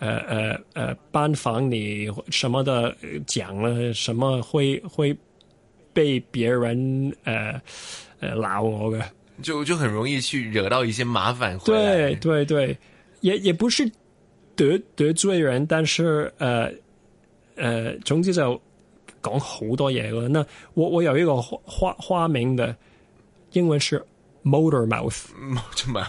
呃呃呃，班房你什麼的講了，啊，什麼會會被別人呃呃鬧我嘅，就就很容易去惹到一些麻煩。對對對，也也不是得得罪人，但是呃呃總之就講好多嘢嘅。那我我有一個花花名的，英文是 motor mouth，motor mouth。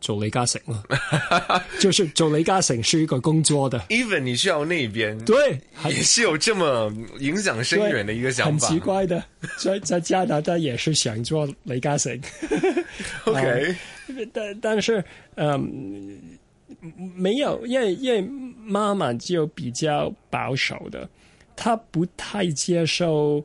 做李嘉誠咯， 就是做李嘉誠是一個工作的。even 你需要那邊，對，也是有這麼影響深遠的一個想法。很奇怪的，在 在加拿大也是想做李嘉誠。 OK，呃，但但是嗯，呃，沒有，因為因為媽媽就比較保守的，她不太接受。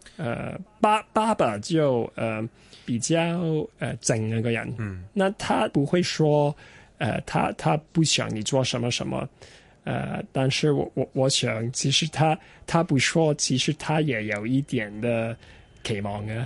誒、呃，爸爸爸就誒、呃、比較誒靜、呃、那個人，嗯，那他不會說，誒、呃，他他不想你做什麼什麼，誒、呃，但是我我我想其實他他不說，其實他也有一點的期望嘅、啊。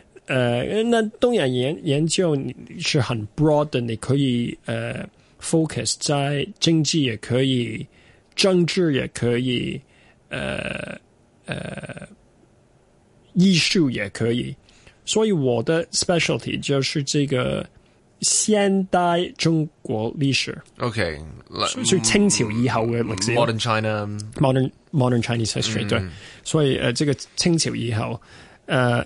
誒，那東亞研研究你是很 broad 的，你可以誒 focus 在經濟也可以，政治也可以，誒誒，藝術也可以。所以我的 specialty 就是這個現代中國歷史。OK，所以清朝以後嘅歷史。Modern China, modern modern Chinese history。對，所以誒，這個清朝以後誒。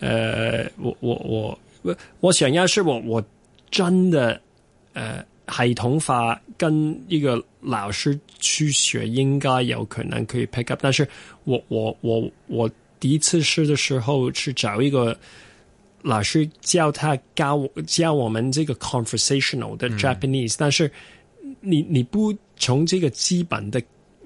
呃，我我我我想要是我我真的呃系統化跟一個老師去學，應該有可能可以 pick up，但是我我我我第一次試的時候去找一個老師教他教我教我們這個 conversational 的 Japanese，、嗯、但是你你不從這個基本的。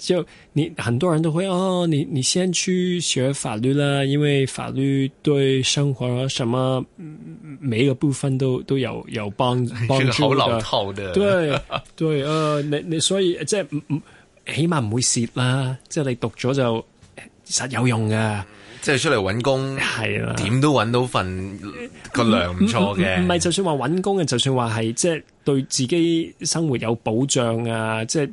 就你很多人都會哦，你你先去學法律啦，因為法律對生活啊什麼每個部分都都有有幫幫助嘅。 對對、呃，誒，你你所以即係唔唔，起碼唔會蝕啦。即係你讀咗就實有用嘅，即係出嚟搵工係啦，點都搵到份個糧唔錯嘅。唔係就算話搵工嘅，就算話係即係對自己生活有保障啊，即係。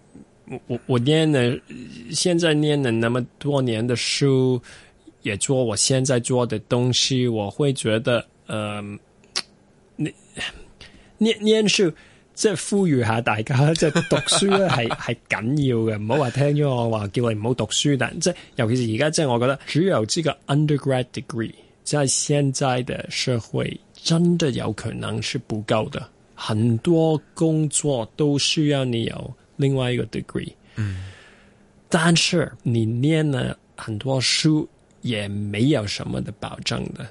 我我我念了，現在念了那麼多年的書，也做我現在做的東西，我會覺得，誒、呃，念念書即係呼籲下大家，即係讀書咧係係緊要嘅，唔好話聽咗我話叫你唔好讀書的，但即係尤其是而家即係我覺得，只有呢個 undergraduate degree，即係現在的社會真的有可能是不夠的，很多工作都需要你有。另外一個 degree、嗯、但是你念了很多書，也沒有什麼的保證的。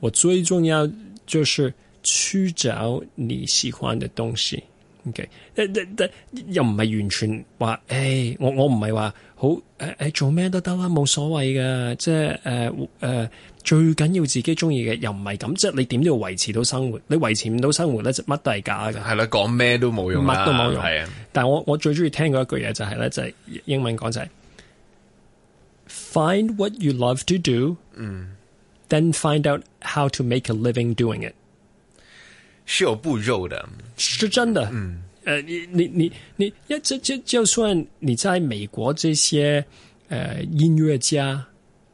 我最重要就是去找你喜歡的東西。OK，但但又唔係完全話，誒、哎，我我唔係話好誒誒、哎、做咩都得啦，冇所謂嘅，即係誒誒。呃呃最緊要自己中意嘅，又唔係咁。即係你點都要維持到生活，你維持唔到生活咧，就乜都係假嘅。係啦，講咩都冇用，乜都冇用。係啊，但係我我最中意聽過一句嘢就係咧，就係英文講就係，find what you love to do，嗯，then find out how to make a living doing it。是有步驟的，嗯，是真的。嗯，誒，你你你你，即即就，就，就算你在美國這些誒音樂家。